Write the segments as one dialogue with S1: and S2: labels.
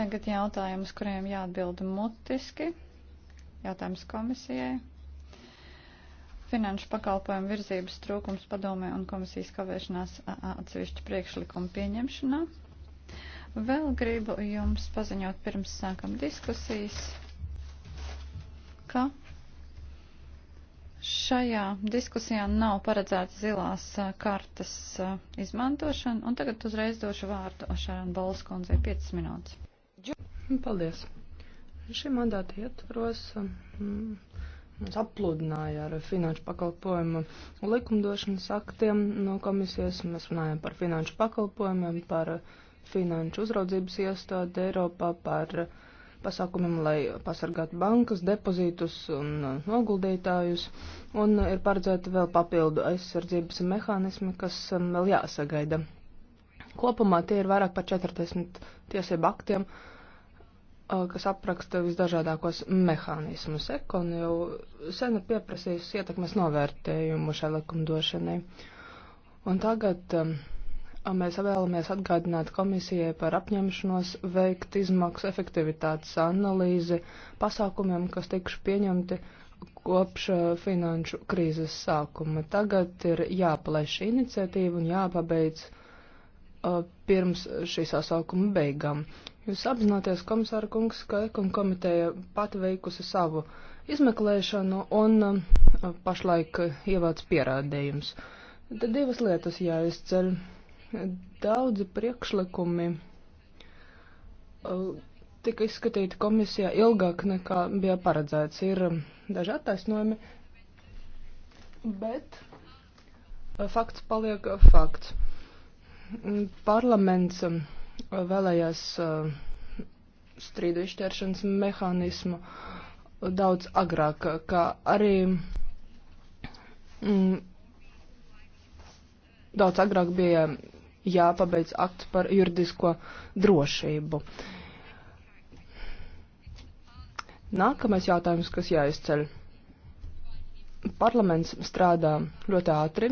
S1: Tagad jautājums, kuriem jāatbild mutiski. Jautājums komisijai. Finanšu pakalpojumu virzības trūkums padomē un komisijas kavēšanās atsevišķu priekšlikumu pieņemšanā. Vēl gribu jums paziņot pirms sākam diskusijas, ka šajā diskusijā nav paredzēta zilās kartas izmantošana, un tagad uzreiz došu vārdu Šāran Bolas kundzei 5 minūtes. Paldies. Šī mandāta ietvaros mēs mm,
S2: aplūdināja ar finanšu pakalpojumu likumdošanas aktiem no komisijas. Mēs runājam par finanšu pakalpojumiem, par finanšu uzraudzības iestādi Eiropā, par pasākumiem, lai pasargātu bankas, depozītus un noguldītājus. Un ir paredzēta vēl papildu aizsardzības mehānismi, kas mm, vēl jāsagaida. Kopumā tie ir vairāk par 40 tiesību aktiem. Uh, kas apraksta visdažādākos mehānismus. Ekon jau sen ir pieprasījusi ietekmes novērtējumu šai likumdošanai. Un tagad um, mēs vēlamies atgādināt komisijai par apņemšanos veikt izmaksu efektivitātes analīzi pasākumiem, kas tikšu pieņemti kopš finanšu krīzes sākuma. Tagad ir jāplēš iniciatīva un jāpabeidz uh, pirms šī sasaukuma beigām. Jūs apzināties, komisāra kungs, ka ekon komiteja pati veikusi savu izmeklēšanu un um, pašlaik ievāc pierādījums. Tad divas lietas jāizceļ. Daudzi priekšlikumi uh, tika izskatīti komisijā ilgāk nekā bija paredzēts. Ir um, daži attaisnojumi, bet uh, fakts paliek uh, fakts. Parlaments um, vēlējās eh, strīdu izšķēršanas mehānismu daudz agrāk, kā arī mm, daudz agrāk bija jāpabeidz akts par juridisko drošību. Nākamais jautājums, kas jāizceļ. Parlaments strādā ļoti ātri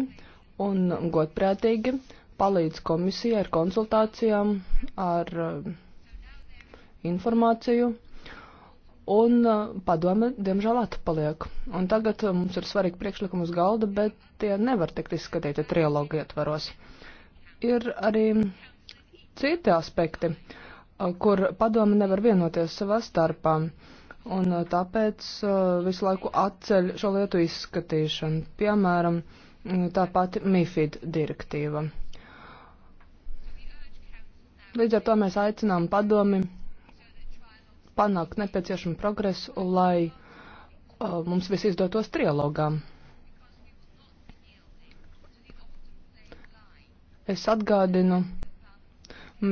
S2: un godprātīgi, palīdz komisija ar konsultācijām, ar eh, informāciju, un eh, padome, diemžēl, atpaliek. Un tagad eh, mums ir svarīgi priekšlikumi uz galda, bet tie nevar tikt izskatīti trialogu ietvaros. Ir arī citi aspekti, kur padome nevar vienoties savā starpā, un tāpēc visu laiku atceļ šo lietu izskatīšanu. Piemēram, mm, tā pati MIFID direktīva. Līdz ar to mēs aicinām padomi panākt nepieciešamu progresu, lai uh, mums viss izdotos trilogā. Es atgādinu,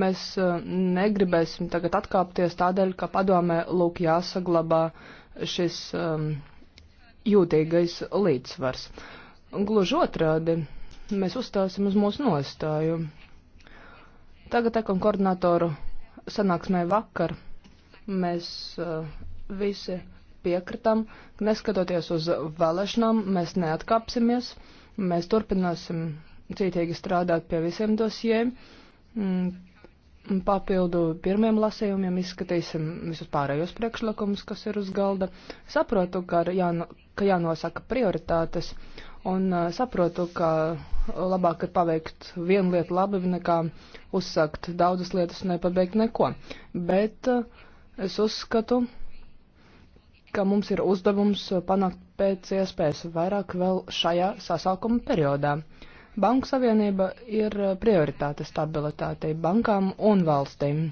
S2: mēs uh, negribēsim tagad atkāpties tādēļ, ka padomē lūk jāsaglabā šis um, jūtīgais līdzsvars. Gluži otrādi, mēs uzstāsim uz mūsu nostāju. Tagad ekon koordinatoru sanāksmē vakar mēs uh, visi piekritam, ka neskatoties uz vēlēšanām, mēs neatkāpsimies, mēs turpināsim cītīgi strādāt pie visiem dosijiem. Mm, papildu pirmiem lasējumiem izskatīsim visus pārējos priekšlikumus, kas ir uz galda. Saprotu, ka, jāno, ka jānosaka prioritātes Un uh, saprotu, ka labāk ir paveikt vienu lietu labi, nekā uzsākt daudzas lietas un nepabeigt neko. Bet uh, es uzskatu, ka mums ir uzdevums panākt pēc iespējas vairāk vēl šajā sasaukuma periodā. Banku savienība ir prioritāte stabilitātei bankām un valstīm.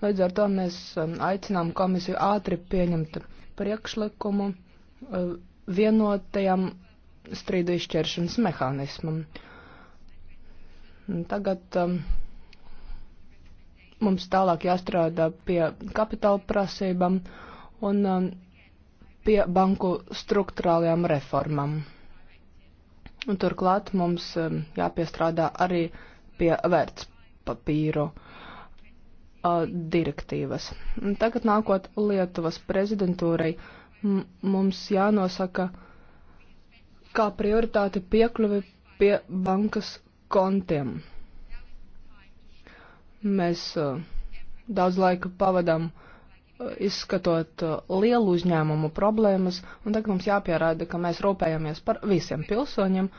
S2: Līdz ar to mēs aicinām komisiju ātri pieņemt priekšlikumu vienotajam strīdu izšķiršanas mehānismam. Tagad um, mums tālāk jāstrādā pie kapitāla prasībām un um, pie banku struktūrālajām reformām. Un turklāt mums um, jāpiestrādā arī pie vērtspapīru uh, direktīvas. Un tagad nākot Lietuvas prezidentūrai, mums jānosaka uh, kā prioritāti piekļuvi pie bankas kontiem. Mēs uh, daudz laika pavadām uh, izskatot uh, lielu uzņēmumu problēmas, un tagad mums jāpierāda, ka mēs rūpējamies par visiem pilsoņiem,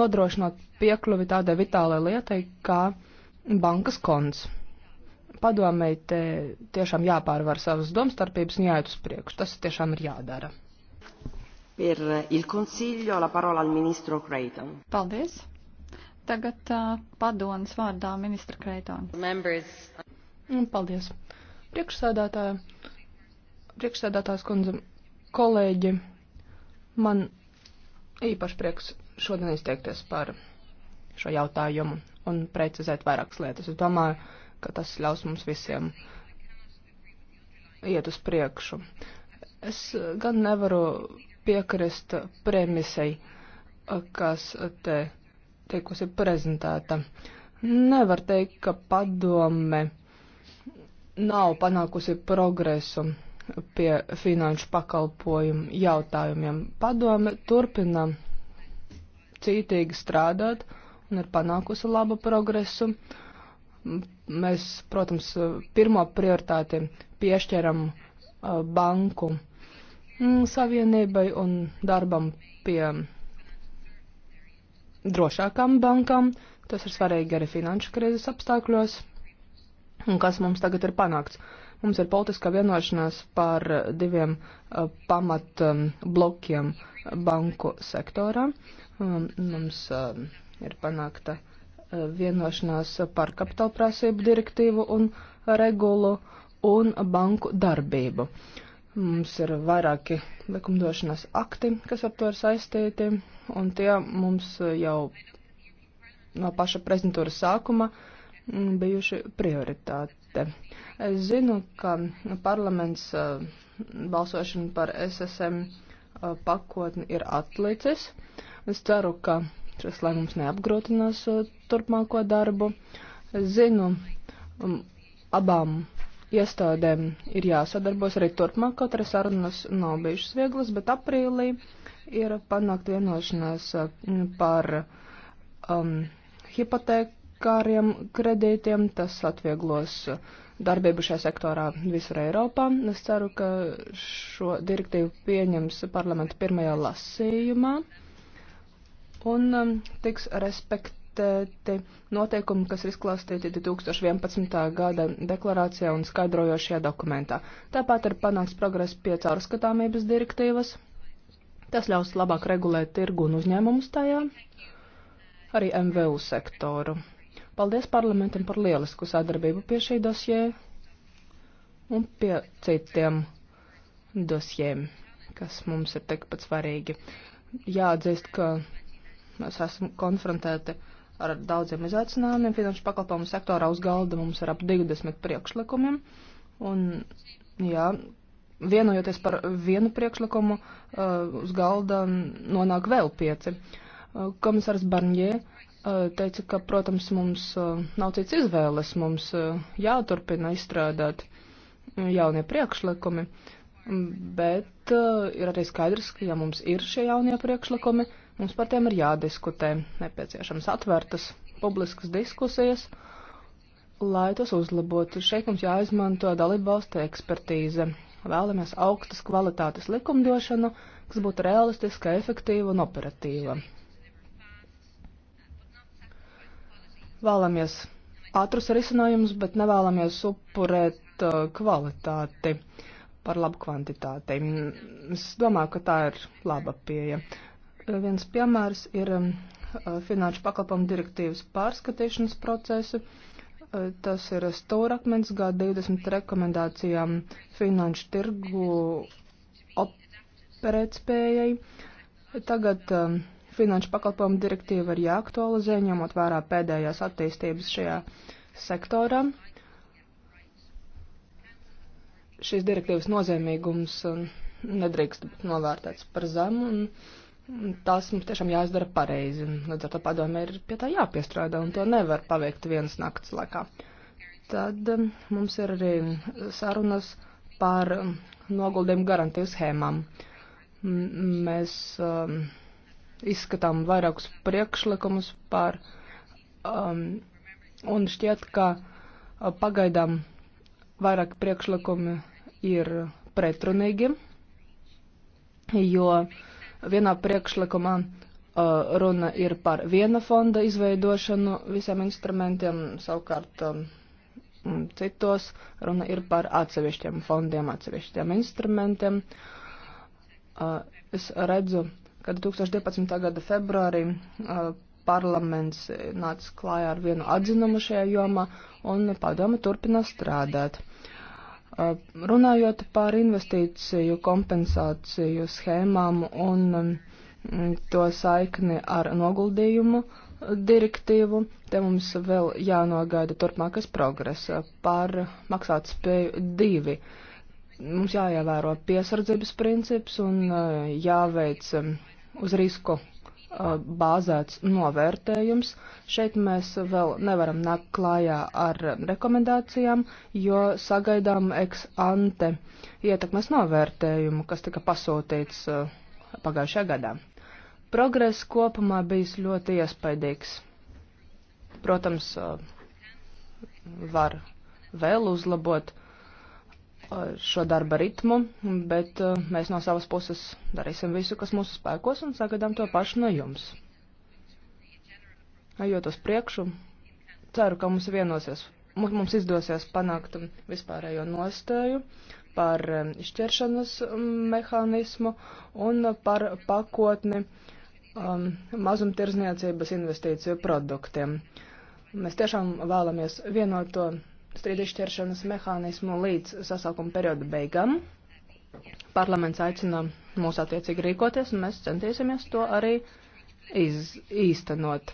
S2: nodrošinot piekļuvi tādai vitālai lietai kā bankas konts. Padomēji, te tiešām jāpārvar savas domstarpības un jāiet uz priekšu. Tas tiešām ir jādara.
S1: Per il Consiglio la parola al ministro Creighton. Paldies. Tagad uh, padonas vārdā ministra Kreitāna. Members. Un mm, paldies. Priekšsēdētāja, priekšsēdētājs kundze, kolēģi,
S2: man īpaši prieks šodien izteikties par šo jautājumu un precizēt vairākas lietas. Es domāju, ka tas ļaus mums visiem iet uz priekšu. Es gan nevaru piekrist premisei, kas te tikusi prezentēta. Nevar teikt, ka padome nav panākusi progresu pie finanšu pakalpojumu jautājumiem. Padome turpina cītīgi strādāt un ir panākusi labu progresu. Mēs, protams, pirmo prioritāti piešķiram uh, banku Mm, savienībai un darbam pie drošākām bankām. Tas ir svarīgi arī finanšu krīzes apstākļos. Un kas mums tagad ir panākts? Mums ir politiskā vienošanās par diviem uh, pamat um, blokiem banku sektorā. Um, mums uh, ir panākta uh, vienošanās par kapitalprasību direktīvu un regulu un banku darbību. Uh, Mums ir vairāki likumdošanas akti, kas ar to ir saistīti, un tie mums jau no paša prezentūras sākuma bijuši prioritāte. Es zinu, ka parlaments eh, balsošana par SSM eh, pakotni ir atlicis. Es ceru, ka šis lēmums neapgrūtinās eh, turpmāko darbu. Es zinu abām iestādēm ir jāsadarbos arī turpmāk, kaut arī sarunas nav bijušas vieglas, bet aprīlī ir panākt vienošanās uh, par um, hipotekāriem kredītiem. Tas atvieglos darbību šajā sektorā visur Eiropā. Es ceru, ka šo direktīvu pieņems parlamenta pirmajā lasījumā un um, tiks respektēts te noteikumi, kas ir izklāstīti 2011. gada deklarācijā un skaidrojošajā dokumentā. Tāpat ir panāks progress pie caurskatāmības direktīvas. Tas ļaus labāk regulēt tirgu un uzņēmumus tajā, arī MVU sektoru. Paldies parlamentam par lielisku sadarbību pie šī dosjē un pie citiem dosjiem, kas mums ir tikpat svarīgi. Jāatzīst, ka mēs esam konfrontēti ar daudziem izaicinājumiem. Finanšu pakalpojumu sektorā uz galda mums ir ap 20 priekšlikumiem. Un, jā, vienojoties par vienu priekšlikumu, uh, uz galda nonāk vēl pieci. Uh, komisārs Barņē uh, teica, ka, protams, mums uh, nav cits izvēles, mums uh, jāturpina izstrādāt jaunie priekšlikumi, mm, bet uh, ir arī skaidrs, ka, ja mums ir šie jaunie priekšlikumi, uh, Mums par tiem ir jādiskutē, nepieciešams atvērtas publiskas diskusijas, lai tas uzlabotu. Šeit mums jāizmanto dalībvalstu ekspertīze. Vēlamies augstas kvalitātes likumdošanu, kas būtu realistiska, efektīva un operatīva. Vēlamies ātrus risinājumus, bet nevēlamies upurēt uh, kvalitāti par labu kvantitāti. Es domāju, ka tā ir laba pieeja. Viens piemērs ir um, uh, finanšu pakalpojumu direktīvas pārskatīšanas procesu. Uh, tas ir stūrakmens G20 rekomendācijām finanšu tirgu operētspējai. Tagad um, finanšu pakalpojumu direktīva ir jāaktualizē, ņemot vērā pēdējās attīstības šajā sektorā. Šīs direktīvas nozīmīgums um, nedrīkst būt novērtēts par zemu. Un, tās mums tiešām jāizdara pareizi. Un, līdz ar to padomē ir pie tā jāpiestrādā, un to nevar paveikt vienas naktas laikā. Tad um, mums ir arī sarunas par um, noguldījumu garantiju schēmām. Mēs um, izskatām vairākus priekšlikumus par, um, un šķiet, ka uh, pagaidām vairāk priekšlikumi ir pretrunīgi, jo uh, Vienā priekšlikumā uh, runa ir par viena fonda izveidošanu visiem instrumentiem, savukārt um, citos runa ir par atsevišķiem fondiem, atsevišķiem instrumentiem. Uh, es redzu, ka 2012. gada februārī uh, parlaments nāca klājā ar vienu atzinumu šajā jomā, un padoma turpina strādāt. Uh, runājot par investīciju kompensāciju schēmām un um, to saikni ar noguldījumu direktīvu, te mums vēl jānogaida turpmākas progresa par maksāt spēju divi. Mums jāievēro piesardzības princips un uh, jāveic um, uz risku bāzēts novērtējums. Šeit mēs vēl nevaram nākt klājā ar rekomendācijām, jo sagaidām ex ante ietekmes novērtējumu, kas tika pasūtīts pagājušajā gadā. Progress kopumā bijis ļoti iespaidīgs. Protams, var vēl uzlabot šo darba ritmu, bet eh, mēs no savas puses darīsim visu, kas mūsu spēkos, un sagaidām to pašu no jums. Ejot uz priekšu, ceru, ka mums vienosies, mums izdosies panākt vispārējo nostāju par eh, izšķiršanas mm, mehānismu un par pakotni um, mm, mazumtirzniecības investīciju produktiem. Mēs tiešām vēlamies vienoto. No strīdu izšķiršanas mehānismu līdz sasaukuma perioda beigām. Parlaments aicina mūs attiecīgi rīkoties, un mēs centīsimies to arī iz, īstenot.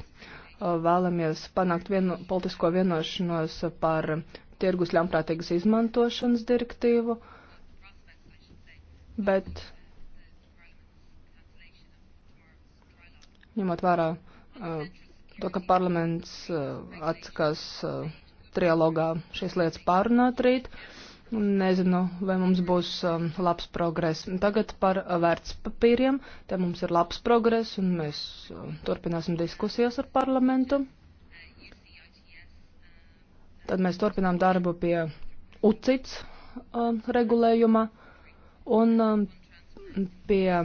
S2: Uh, vēlamies panākt vieno, politisko vienošanos par tirgus ļaunprātīgas izmantošanas direktīvu, bet ņemot vērā uh, to, ka parlaments uh, atsakās trialogā šīs lietas pārunāt rīt. Nezinu, vai mums būs um, labs progress. Tagad par vērtspapīriem. Te mums ir labs progress un mēs uh, turpināsim diskusijas ar parlamentu. Tad mēs turpinām darbu pie UCITS uh, regulējuma un uh, pie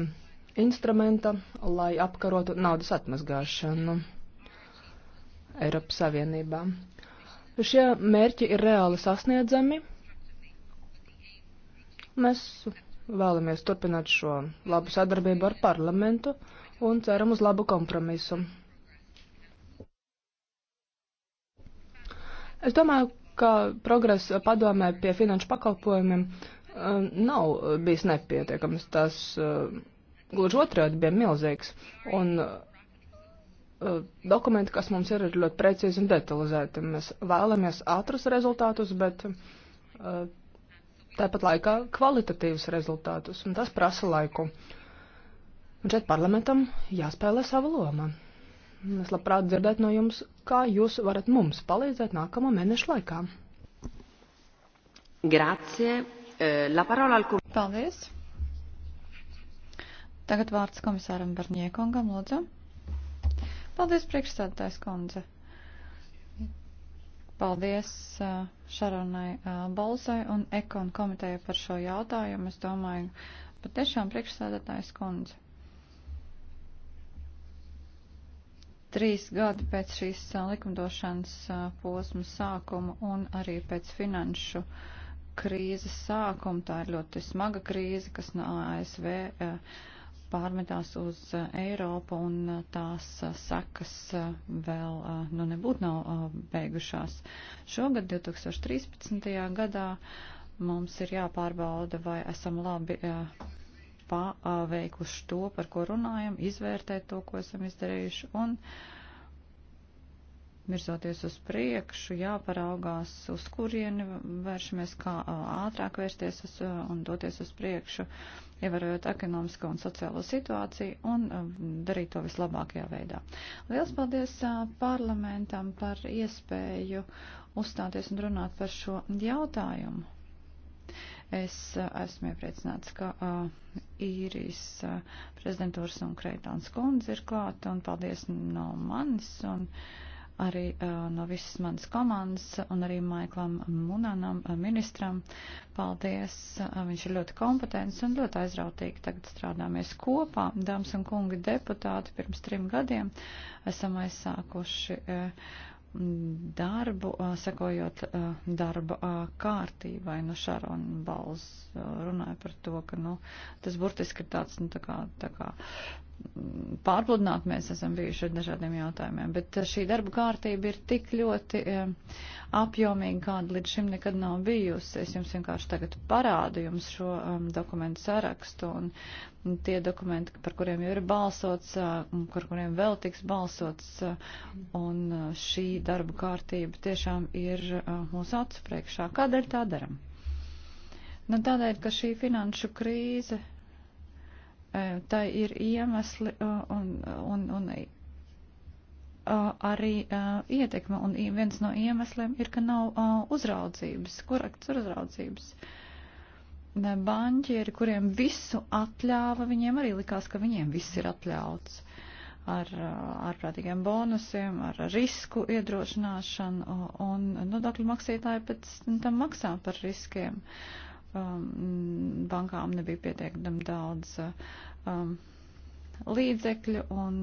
S2: instrumenta, lai apkarotu naudas atmazgāšanu Eiropas Savienībā. Šie mērķi ir reāli sasniedzami. Mēs vēlamies turpināt šo labu sadarbību ar parlamentu un ceram uz labu kompromisu. Es domāju, ka progress padomē pie finanšu pakalpojumiem eh, nav bijis nepietiekams. Tas eh, gluži otrādi bija milzīgs. Un Eh, dokumenti, kas mums ir, ir ļoti precīzi un detalizēti. Mēs vēlamies ātrus rezultātus, bet eh, tāpat laikā kvalitatīvus rezultātus, un tas prasa laiku. Un šeit parlamentam jāspēlē sava loma. Es labprāt dzirdētu no jums, kā jūs varat mums palīdzēt nākamo mēnešu laikā.
S1: Grazie. Eh, la parola al Paldies. Tagad vārds komisāram Barņiekongam, lūdzu. Paldies, priekšstādātājs kundze. Paldies Šaronai Balzai un Ekon komiteja par šo jautājumu. Es domāju, patiešām priekšstādātājs kundze. Trīs gadi pēc šīs likumdošanas posma sākuma un arī pēc finanšu krīzes sākuma, tā ir ļoti smaga krīze, kas no ASV. Uh, pārmetās uz uh, Eiropu un uh, tās uh, sekas vēl nu, nebūtu nav beigušās. Šogad, 2013. gadā, mums ir jāpārbauda, vai esam labi paveikuši to, par ko runājam, izvērtēt to, ko esam izdarījuši. Un, uh, virzoties uz priekšu, jāparaugās, uz kurieni vēršamies, kā ātrāk vērsties uz, un doties uz priekšu, ievērojot ekonomisko un sociālo situāciju un darīt to vislabākajā veidā. Liels paldies parlamentam par iespēju uzstāties un runāt par šo jautājumu. Es esmu iepriecināts, ka uh, īrijas uh, prezidentūras un Kreitāns kundze ir klāta un paldies no manis. Un, uh, arī uh, no visas manas komandas un arī Maiklam Munanam, ministram. Paldies, uh, viņš ir ļoti kompetents un ļoti aizrautīgi. Tagad strādāmies kopā, dāmas un kungi deputāti, pirms trim gadiem esam aizsākuši. Uh, darbu, sekojot darba kārtībai. Nu, Šarona Bals runāja par to, ka nu, tas burtiski ir tāds nu, tā kā, tā kā pārpludināt, mēs esam bijuši ar dažādiem jautājumiem, bet eh, šī darba kārtība ir tik ļoti eh, apjomīga, kāda līdz šim nekad nav bijusi. Es jums vienkārši tagad parādu jums šo um, dokumentu sarakstu un tie dokumenti, par kuriem jau ir balsots, eh, un par kuriem vēl tiks balsots, un šī darba kārtība tiešām ir mūsu acu priekšā. Kādēļ tā daram? Nu, tādēļ, ka šī finanšu krīze E, tai ir iemesli e, un, un, un e, arī ietekme. Un viens no iemesliem ir, ka nav uzraudzības, korekts uzraudzības. Banķieri, kuriem visu atļāva, viņiem arī likās, ka viņiem viss ir atļauts ar ārprātīgiem bonusiem, ar risku iedrošināšanu, un nodokļu maksītāji pēc tam maksā par riskiem. Uh, um, bankām nebija pietiekami daudz um, līdzekļu, un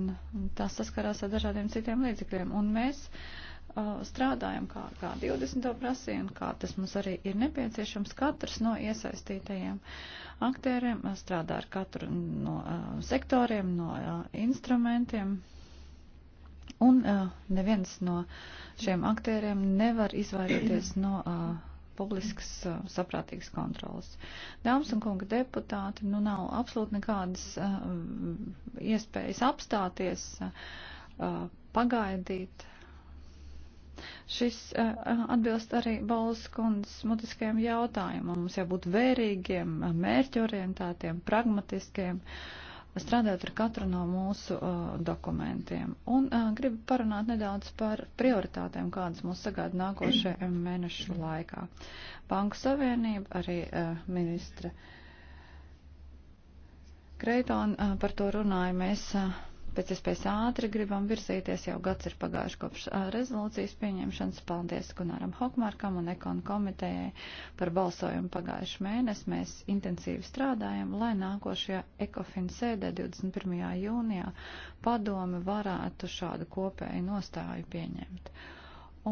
S1: tas saskarās ar dažādiem citiem līdzekļiem. Un mēs uh, strādājam kā, kā 20. prasījumu, kā tas mums arī ir nepieciešams. Katrs no iesaistītajiem aktieriem uh, strādā ar katru no uh, sektoriem, no uh, instrumentiem. Un uh, neviens no šiem aktieriem nevar izvairīties no uh, publiskas, saprātīgas kontrolas. Dāmas un kunga deputāti, nu nav absolūti nekādas iespējas apstāties, pagaidīt. Šis atbilst arī Balas kundzes mutiskajam jautājumam. Mums jābūt vērīgiem, mērķorientētiem, pragmatiskiem. Uh, strādājot ar katru no mūsu uh, dokumentiem. Un uh, gribu parunāt nedaudz par prioritātēm, kādas mūs sagaida nākošajā mēnešu laikā. Banku savienība, arī uh, ministre Kreitona uh, par to runāja. Mēs uh, pēc iespējas ātri gribam virzīties, jau gads ir pagājuši kopš rezolūcijas pieņemšanas. Paldies Gunaram Hokmarkam un Ekonu komitejai par balsojumu pagājuši mēnesi. Mēs intensīvi strādājam, lai nākošajā Ekofin sēdē 21. jūnijā padome varētu šādu kopēju nostāju pieņemt.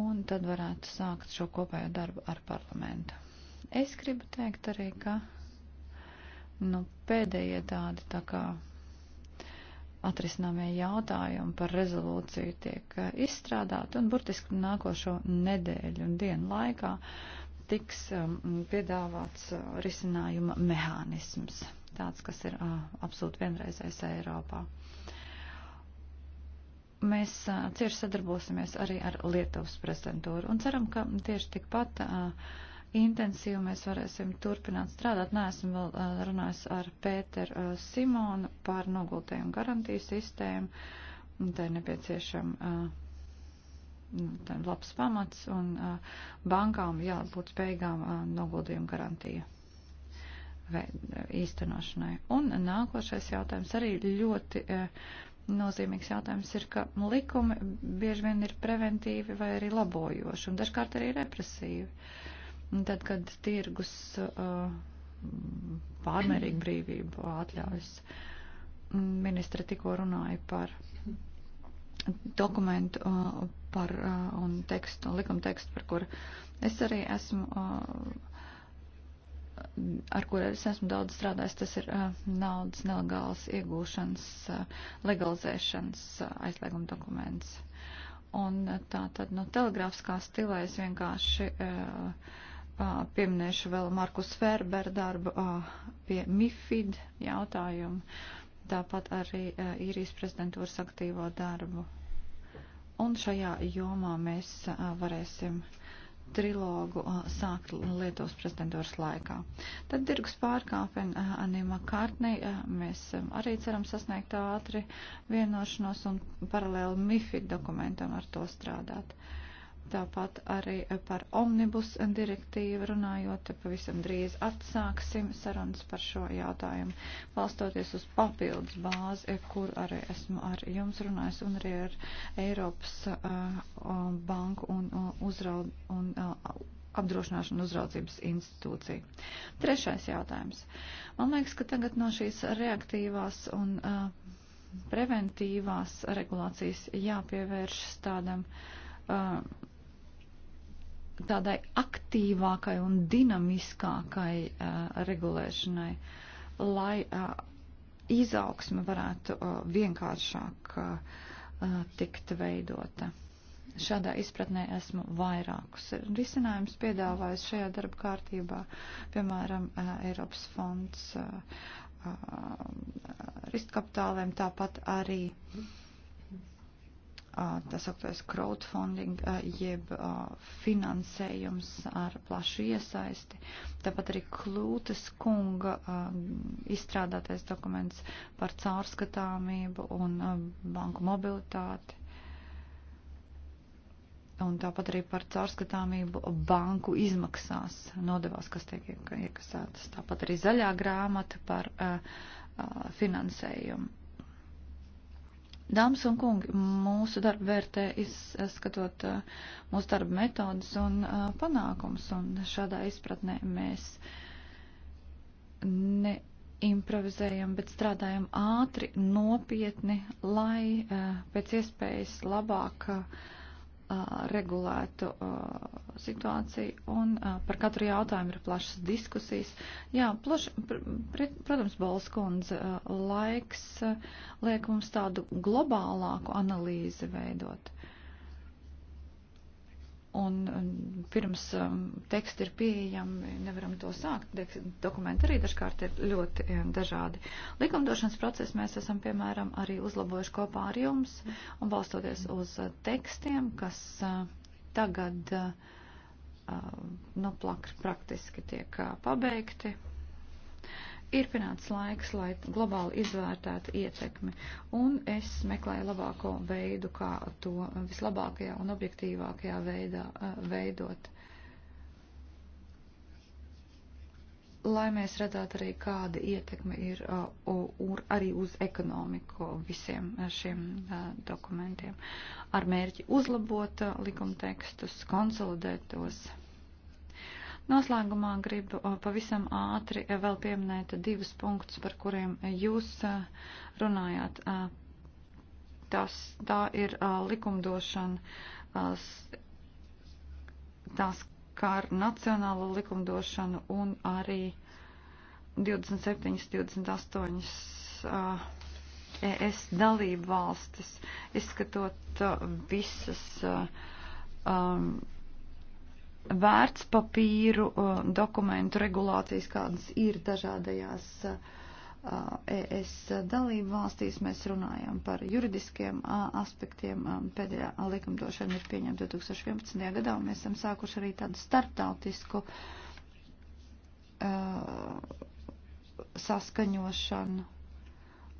S1: Un tad varētu sākt šo kopējo darbu ar parlamentu. Es gribu teikt arī, ka nu, pēdējie tādi tā kā atrisināmie jautājumi par rezolūciju tiek eh, izstrādāti un burtiski nākošo nedēļu un dienu laikā tiks um, piedāvāts uh, risinājuma mehānisms, tāds, kas ir uh, absolūti vienreizais Eiropā. Mēs uh, cieši sadarbosimies arī ar Lietuvas prezidentūru un ceram, ka tieši tikpat uh, intensīvi mēs varēsim turpināt strādāt. Nē, esmu vēl runājis ar Pēteru Simonu par nogultējumu garantiju sistēmu. Tā ir nepieciešama nu, tā ir labs pamats un bankām jābūt spējīgām noguldījumu garantiju īstenošanai. Un nākošais jautājums arī ļoti nozīmīgs jautājums ir, ka likumi bieži vien ir preventīvi vai arī labojoši un dažkārt arī represīvi. Uh, Un tad, kad tirgus uh, pārmērīgu brīvību atļaujas, ministra tikko runāja par dokumentu uh, par, uh, un tekstu, likuma tekstu, par kur es arī esmu. Uh, ar kur es esmu daudz strādājis, tas ir uh, naudas nelegālas iegūšanas, uh, legalizēšanas uh, aizlieguma dokuments. Un uh, tā tad no nu, telegrāfiskā stilā es vienkārši uh, pieminēšu vēl Markus Ferber darbu pie MIFID jautājumu, tāpat arī īrijas prezidentūras aktīvo darbu. Un šajā jomā mēs varēsim trilogu sākt Lietuvas prezidentūras laikā. Tad dirgs pārkāpina Anima Kārtnī. Mēs arī ceram sasniegt ātri vienošanos un paralēli MIFID dokumentam ar to strādāt. Uh, Tāpat arī par omnibus direktīvu runājot, pavisam drīz atsāksim sarunas par šo jautājumu, balstoties uz papildus bāzi, kur arī esmu ar jums runājis un arī ar Eiropas uh, um, banku un, uh, uzraud, un uh, apdrošināšanu uzraudzības institūciju. Trešais jautājums. Man liekas, ka tagad no šīs reaktīvās un uh, preventīvās regulācijas jāpievēršas tādam. Uh, tādai aktīvākai un dinamiskākai uh, regulēšanai, lai uh, izaugsme varētu uh, vienkāršāk uh, tikt veidota. Šādā izpratnē esmu vairākus risinājumus piedāvājis šajā darba kārtībā, piemēram, uh, Eiropas fonds uh, uh, riskkapitāliem, tāpat arī uh, tas augtais crowdfunding, jeb finansējums ar plašu iesaisti. Tāpat arī Klūtas kunga izstrādātais dokuments par caurskatāmību un banku mobilitāti. Un tāpat arī par caurskatāmību banku izmaksās, nodevās, kas tiek iekasētas. Tāpat arī zaļā grāmata par uh, finansējumu Dāmas un kungi, mūsu darba vērtē izskatot eh, mūsu darba metodas un eh, panākums, un šādā izpratnē mēs ne improvizējam, bet strādājam ātri, nopietni, lai eh, pēc iespējas labāk uh, regulētu situāciju, un par katru jautājumu ir plašas diskusijas. Jā, plaš, pr, pr, protams, Balskundze, laiks liek mums tādu globālāku analīzi veidot. Uh, un pirms um, teksti ir pieejami, nevaram to sākt. Dokumenti arī dažkārt ir ļoti um, dažādi. Likumdošanas procesu mēs esam, piemēram, arī uzlabojuši kopā ar jums un balstoties uz uh, tekstiem, kas uh, tagad uh, nu, plak, praktiski tiek pabeigti ir pienācis laiks, lai globāli izvērtētu ietekmi, un es meklēju labāko veidu, kā to vislabākajā un objektīvākajā veidā eh, veidot. Lai mēs redzētu arī, kāda ietekme ir uh, arī uz ekonomiku visiem eh, šiem uh, dokumentiem, ar mērķi uzlabot uh, likumtekstus, konsolidēt tos. Uh, Noslēgumā gribu pavisam ātri e, vēl pieminēt divus punktus, par kuriem e, jūs e, runājāt. Tas, tā ir likumdošana, tās kā ar nacionālo likumdošanu un arī 27, 28 ES dalību valstis, izskatot visas um, vērtspapīru uh, dokumentu regulācijas, kādas ir dažādajās uh, ES dalību valstīs. Mēs runājam par juridiskiem uh, aspektiem. Um, pēdējā likumdošana ir pieņemta 2011. gadā, un mēs esam sākuši arī tādu starptautisku saskaņošanu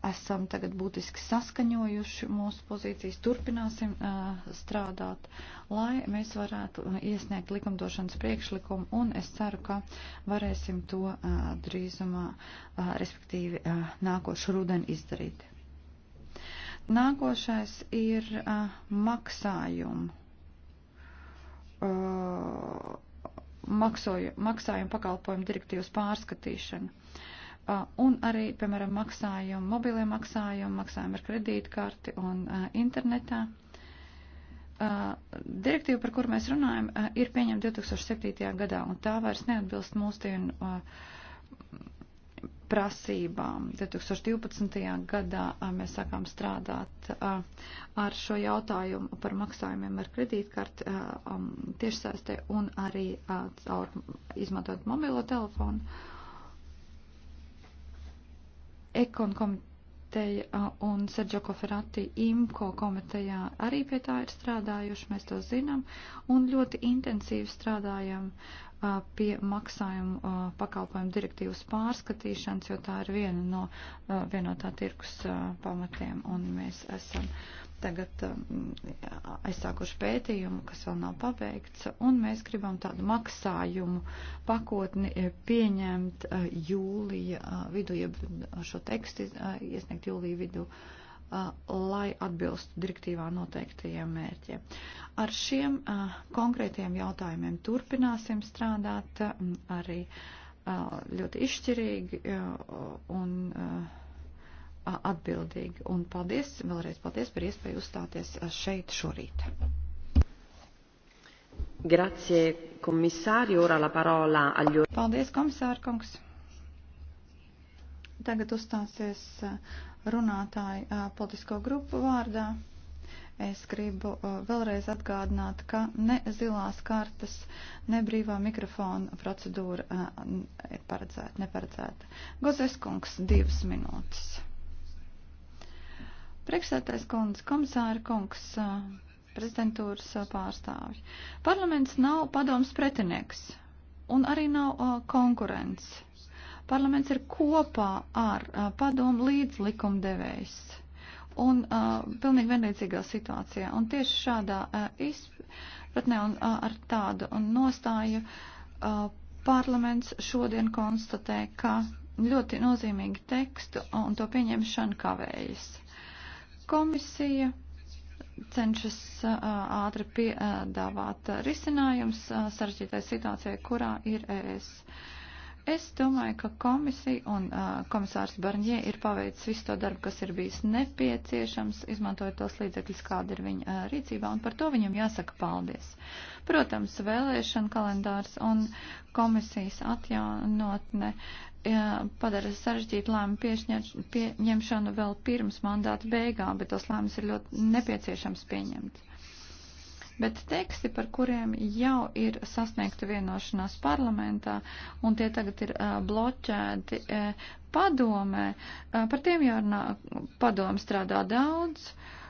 S1: esam tagad būtiski saskaņojuši mūsu pozīcijas, turpināsim uh, strādāt, lai mēs varētu iesniegt likumdošanas priekšlikumu, un es ceru, ka varēsim to uh, drīzumā, uh, respektīvi uh, nākošu rudenu izdarīt. Nākošais ir uh, maksājumu. Uh, maksoju, maksājumu pakalpojumu direktīvas pārskatīšana. Uh, un arī, piemēram, maksājumu, mobilie maksājumi, maksājumi ar kredītkarti un internetā. Direktīva, par kuru mēs runājam, ir pieņemta 2007. gadā, un tā vairs neatbilst mūsdienu prasībām. 2012. gadā mēs sākām strādāt ar šo jautājumu par maksājumiem ar kredītkarti um, tiešsaistē un arī caur izmantojot mobilo telefonu. Ekon komiteja un Sergio Koferati IMKO komitejā arī pie tā ir strādājuši, mēs to zinām, un ļoti intensīvi strādājam pie maksājumu pakalpojumu direktīvas pārskatīšanas, jo tā ir viena no vienotā tirkus pamatiem, un mēs esam tagad aizsākuši um, pētījumu, kas vēl nav pabeigts, un mēs gribam tādu maksājumu pakotni eh, pieņemt eh, jūlija eh, vidu, jeb šo tekstu iesniegt jūlija vidu lai atbilstu direktīvā noteiktajiem mērķiem. Ar šiem konkrētiem jautājumiem turpināsim strādāt mm, arī ļoti izšķirīgi un atbildīgi. Un paldies, vēlreiz paldies par iespēju uzstāties šeit šorīt. Grazie, komisāri, ora la parola agli... Paldies, komisārkungs. Tagad uzstāsies runātāji politisko grupu vārdā. Es gribu vēlreiz atgādināt, ka ne zilās kartas, ne brīvā mikrofona procedūra paredzēta, neparedzēta. Gozes kungs, divas minūtes. Priekšsētais kundze, komisāra kungs, prezidentūras pārstāvji. Parlaments nav padoms pretinieks un arī nav konkurents. Parlaments ir kopā ar padomu līdz likumdevējs un uh, pilnīgi vienlīdzīgā situācijā. Un tieši šādā uh, izpratnē un uh, ar tādu nostāju uh, parlaments šodien konstatē, ka ļoti nozīmīgi tekstu un to pieņemšanu kavējas. Komisija cenšas ātri piedāvāt risinājums sarežģītai situācijai, kurā ir ES. Es domāju, ka komisija un uh, komisārs Barņē ir paveicis visu to darbu, kas ir bijis nepieciešams, izmantojot tos līdzekļus, kāda ir viņa uh, rīcībā, un par to viņam jāsaka paldies. Protams, vēlēšana kalendārs un komisijas atjaunotne padara sarežģītu lēmumu pieņemšanu vēl pirms mandāta beigām, bet tos lēmumus ir ļoti nepieciešams pieņemt. Bet teksti, par kuriem jau ir sasniegta vienošanās parlamentā, un tie tagad ir uh, bloķēti uh, padomē, uh, par tiem jārunā, padomu strādā daudz. Uh,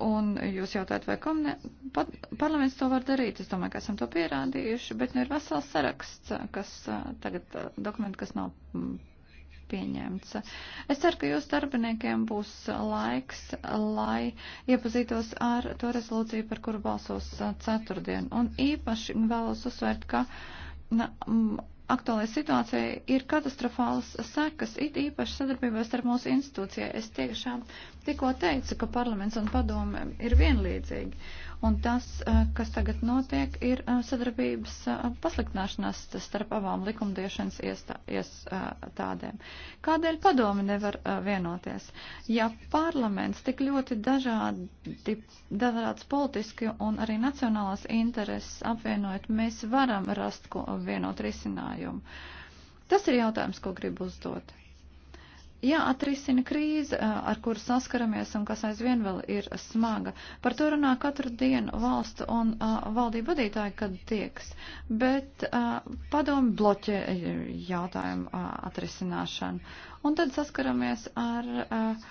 S1: Un jūs jautājat, vai komne, pat, parlaments to var darīt? Es domāju, ka esam to pierādījuši, bet nu ir vesels saraksts, kas tagad dokumenti, kas nav pieņemts. Es ceru, ka jūs darbiniekiem būs laiks, lai iepazītos ar to rezolūciju, par kuru balsos ceturtdien. Un īpaši vēlos uzsvērt, ka. Na, aktuālajai situācijai ir katastrofāls sekas, it īpaši sadarbībā starp mūsu institūcijai. Es tiešām tikko teicu, ka parlaments un padome ir vienlīdzīgi. Un tas, eh, kas tagad notiek, ir eh, sadarbības eh, pasliktināšanās starp abām likumdiešanas iestādēm. Kādēļ padomi nevar vienoties? Ja parlaments tik ļoti dažādi, dažādas politiski un arī nacionālās intereses apvienojot, mēs varam rast ko vienot risinājumu. Tas ir jautājums, ko gribu uzdot jāatrisina krīze, ar kuru saskaramies un kas aizvien vēl ir smaga. Par to runā katru dienu valstu un uh, valdību vadītāji, kad tieks, bet uh, padomu bloķē jautājumu uh, atrisināšanu. Un tad saskaramies ar. Uh,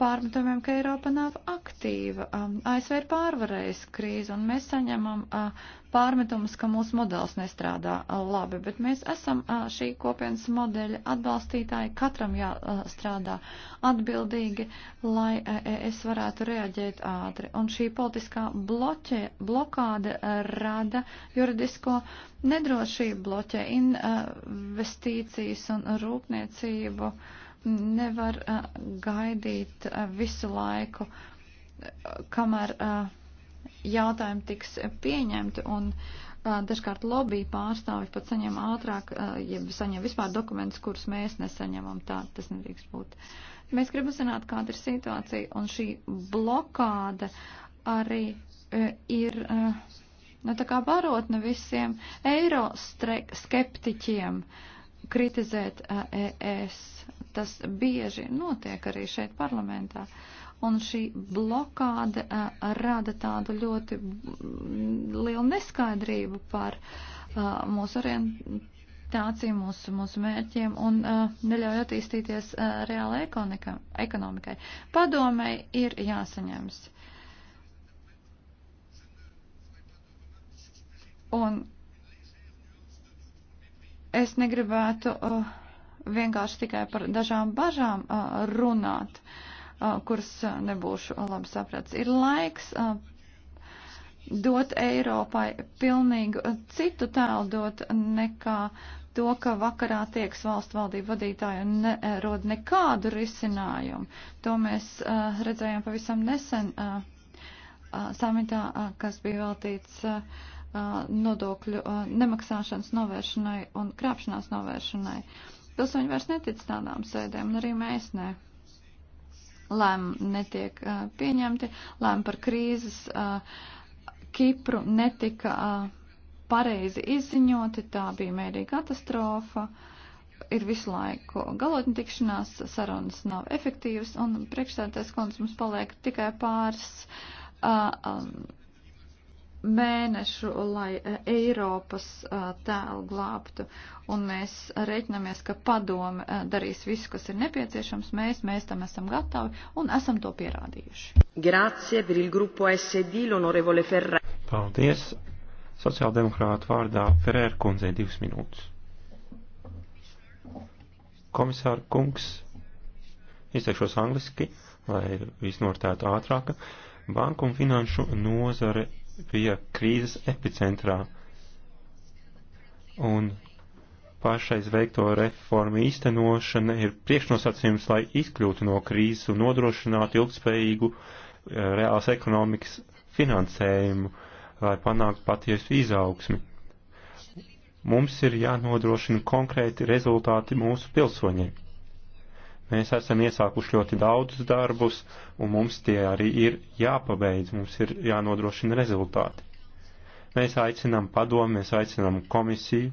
S1: pārmetumiem, ka Eiropa nav aktīva. Um, ASV ir pārvarējusi krīzi, un mēs saņemam uh, pārmetumus, ka mūsu modelis nestrādā uh, labi, bet mēs esam uh, šī kopienas modeļa atbalstītāji. Katram jāstrādā atbildīgi, lai es varētu reaģēt ātri. Un šī politiskā bloķē, blokāde rada juridisko nedrošību, bloķē investīcijas un rūpniecību. Uh, nevar uh, gaidīt uh, visu laiku, kamēr uh, jautājumi tiks pieņemti un uh, dažkārt lobby pārstāvi pat saņem ātrāk, uh, ja saņem vispār dokumentus, kurus mēs nesaņemam, tā tas nedrīkst būt. Mēs gribam zināt, kāda ir situācija un šī blokāda arī uh, ir. Uh, Nu, tā kā barotne visiem eiro skeptiķiem kritizēt ES Tas bieži notiek arī šeit parlamentā. Un šī blokāde uh, rada tādu ļoti mm, lielu neskaidrību par uh, mūsu orientāciju, mūsu, mūsu mērķiem un uh, neļauj attīstīties uh, reālai ekonomikai. Padomei ir jāsaņems. Un es negribētu. Uh, vienkārši tikai par dažām bažām runāt, kuras nebūšu labi sapratis. Ir laiks dot Eiropai pilnīgu citu tēlu dot nekā to, ka vakarā tieks valstu valdību vadītāji un nerod nekādu risinājumu. To mēs uh, redzējām pavisam nesen uh, uh, samitā, uh, kas bija veltīts uh, nodokļu uh, nemaksāšanas novēršanai un krāpšanās novēršanai. Uh, Pilsoņi vairs netic tādām sēdēm, un arī mēs ne. Lēmumi netiek uh, pieņemti, lēmumi par krīzes uh, Kipru netika uh, pareizi izziņoti, tā bija mērīga katastrofa, ir visu laiku galotni tikšanās, sarunas nav efektīvas, un priekšsētais kundze mums paliek tikai pāris. Uh, um, mēnešu, lai e, Eiropas e, tēlu glābtu. Un mēs reiķinamies, ka padome e, darīs visu, kas ir nepieciešams. Mēs, mēs tam esam gatavi un esam to pierādījuši. Grazie per il gruppo SD, l'onorevole Ferrara.
S3: Paldies. Sociāldemokrāta vārdā Ferēra kundzei divas minūtes. Komisāra kungs, izteikšos angliski, lai viss noritētu ātrāk. Banku un finanšu nozare bija krīzes epicentrā. Un pašreiz veikto reformu īstenošana ir priekšnosacījums, lai izkļūtu no krīzes un nodrošinātu ilgspējīgu eh, reāls ekonomikas finansējumu, lai panāktu patiesu izaugsmi. Mums ir jānodrošina konkrēti rezultāti mūsu pilsoņiem. Mēs esam iesākuši ļoti daudzus darbus, un mums tie arī ir jāpabeidz, mums ir jānodrošina rezultāti. Mēs aicinām padomu, mēs aicinām komisiju,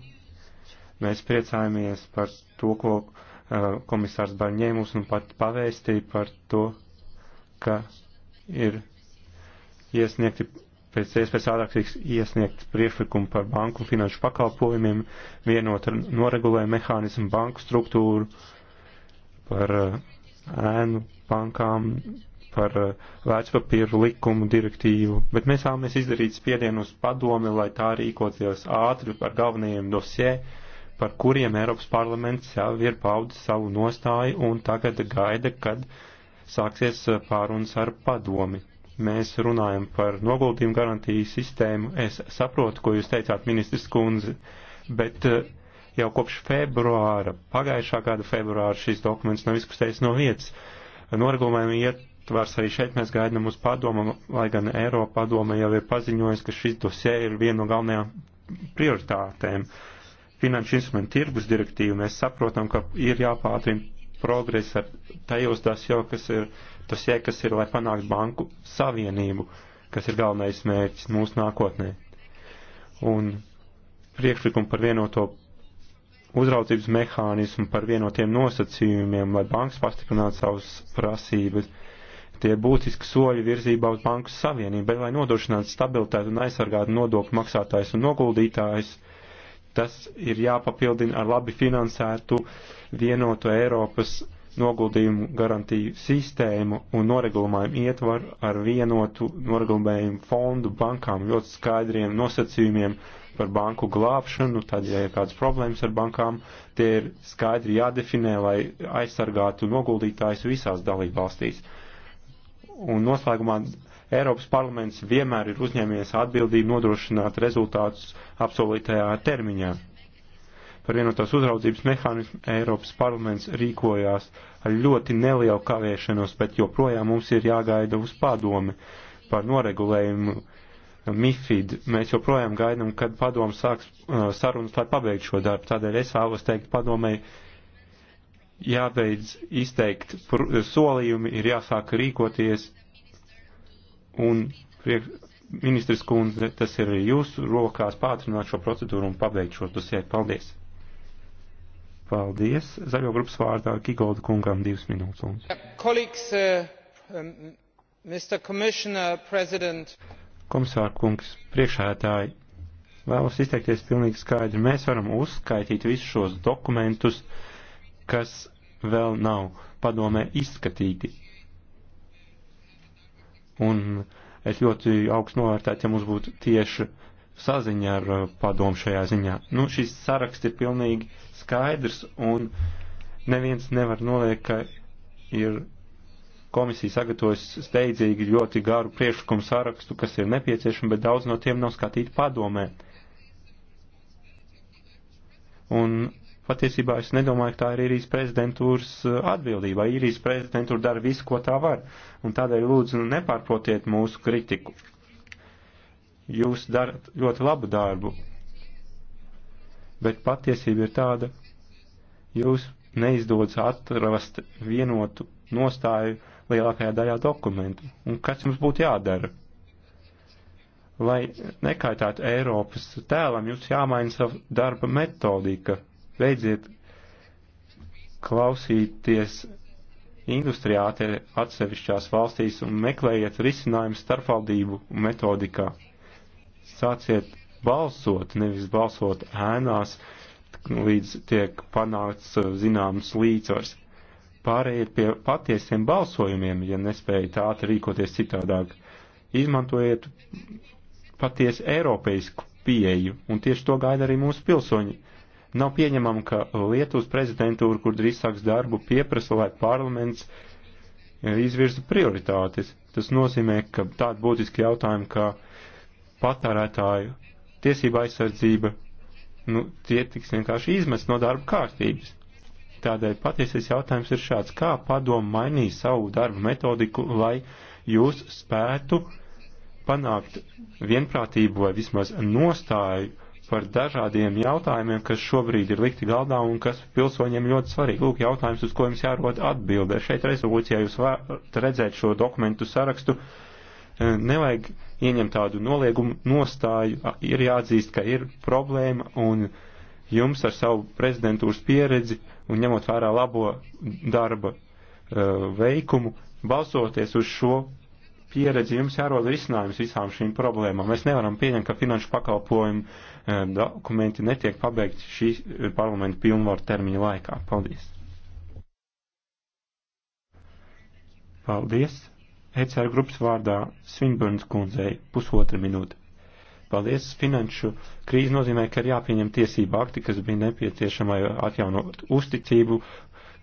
S3: mēs priecājamies par to, ko uh, komisārs Barņē mums nu pat pavēstīja par to, ka ir iesniegti pēc iespējas ātrāk tiks iesniegt priekšlikumu par banku finanšu pakalpojumiem, vienot ar noregulēju mehānismu banku struktūru, uh, par eh, ēnu bankām, par eh, vērtspapīru likumu direktīvu, bet mēs vēlamies izdarīt spiedienu uz padomi, lai tā rīkoties ātri par galvenajiem dosē, par kuriem Eiropas parlaments jau ir paudis savu nostāju un tagad gaida, kad sāksies eh, pārunas ar padomi. Mēs runājam par noguldījumu garantiju sistēmu. Es saprotu, ko jūs teicāt, ministrs Kunze, bet uh, Jau kopš februāra, pagājušā gada februāra šis dokuments nav izkustējis no vietas. Noregulējumi ietvars arī šeit mēs gaidām uz padomu, lai gan Eiropa padoma jau ir paziņojusi, ka šis dosie ir viena no galvenajām prioritātēm. Finanšu instrumentu tirgus direktīvu mēs saprotam, ka ir jāpātrina progress ar tajos dosie, kas ir, dosie, kas ir, lai panāktu banku savienību, kas ir galvenais mērķis mūsu nākotnē. Un priekšlikumu par vienoto uzraudzības mehānismu par vienotiem nosacījumiem, lai bankas pastiprinātu savas prasības. Tie būtiski soļi virzībā uz banku savienību, bet lai nodrošinātu stabilitāti un aizsargātu nodokļu maksātājus un noguldītājus, tas ir jāpapildina ar labi finansētu vienoto Eiropas noguldījumu garantiju sistēmu un noregulējumu ietvaru ar vienotu noregulējumu fondu bankām ļoti skaidriem nosacījumiem par banku glābšanu, tad, ja ir kādas problēmas ar bankām, tie ir skaidri jādefinē, lai aizsargātu noguldītājus visās dalībvalstīs. Un noslēgumā Eiropas parlaments vienmēr ir uzņēmies atbildību nodrošināt rezultātus apsolītajā termiņā. Par vienotās uzraudzības mehānismu Eiropas parlaments rīkojās ar ļoti nelielu kavēšanos, bet joprojām mums ir jāgaida uz padomi par noregulējumu MIFID, mēs joprojām gaidām, kad padomu sāks uh, sarunas, lai pabeigtu šo darbu. Tādēļ es vēlos teikt padomēji, jābeidz izteikt solījumi, ir jāsāk rīkoties. Un priek, ministrs kundze, tas ir jūsu rokās pātrināt šo procedūru un pabeigt šo dosē. Paldies! Paldies! Zaļo grupas vārdā Gigolda kungam divas minūtes. Kolīgs, uh, um, Mr. Commissioner, President. Uh, Komisāra kungs, priekšētāji, vēlos izteikties pilnīgi skaidri. Mēs varam uzskaitīt visus šos dokumentus, kas vēl nav padomē izskatīti. Un es ļoti augstu novērtētu, ja mums būtu tieši saziņa ar uh, padomu šajā ziņā. Nu, šis saraksts ir pilnīgi skaidrs un neviens nevar noliekt, ka ir Komisija sagatavojas steidzīgi ļoti garu priekšlikumu sarakstu, kas ir nepieciešami, bet daudz no tiem nav skatīti padomē. Un patiesībā es nedomāju, ka tā ir īrijas prezidentūras uh, atbildība. Īrijas prezidentūra dara visu, ko tā var. Un tādēļ lūdzu nu, nepārprotiet mūsu kritiku. Jūs darat ļoti labu darbu, bet patiesība ir tāda, jūs neizdodas atrast vienotu nostāju lielākajā daļā dokumentu. Un kas jums būtu jādara? Lai nekaitātu Eiropas tēlam, jums jāmaina savu darba metodika. Beidziet klausīties industrijā atsevišķās valstīs un meklējiet risinājumu starpvaldību metodikā. Sāciet balsot, nevis balsot ēnās, līdz tiek panākts zināms līdzsvars pārējiet pie patiesiem balsojumiem, ja nespējat ātri rīkoties citādāk. Izmantojiet patiesi eiropeisku pieeju, un tieši to gaida arī mūsu pilsoņi. Nav pieņemama, ka Lietuvas prezidentūra, kur drīz sāks darbu, pieprasa, lai parlaments eh, izvirza prioritātes. Tas nozīmē, ka tādi būtiski jautājumi kā patērētāju tiesība aizsardzība, nu, tie tiks vienkārši izmest no darba kārtības. Tādēļ patiesais jautājums ir šāds, kā padomu mainīja savu darbu metodiku, lai jūs spētu panākt vienprātību vai vismaz nostāju par dažādiem jautājumiem, kas šobrīd ir likti galdā un kas pilsoņiem ļoti svarīgi. Lūk, jautājums, uz ko jums jārod atbildē. Šeit rezolūcijā jūs varat redzēt šo dokumentu sarakstu. E, Nevajag ieņemt tādu noliegumu nostāju. Ir jāatzīst, ka ir problēma un uh, jums ar savu prezidentūras pieredzi un ņemot vērā labo darba uh, veikumu, balsoties uz šo pieredzi, jums jārod risinājums visām šīm problēmām. Mēs nevaram pieņemt, ka finanšu pakalpojumu uh, dokumenti netiek pabeigti šī uh, parlamenta pilnvaru termiņa laikā. Paldies! Paldies! ECR grupas vārdā Svinburns kundzei pusotra minūte. Paldies, finanšu krīze nozīmē, ka ir jāpieņem tiesība akti, kas bija nepieciešama atjaunot uzticību,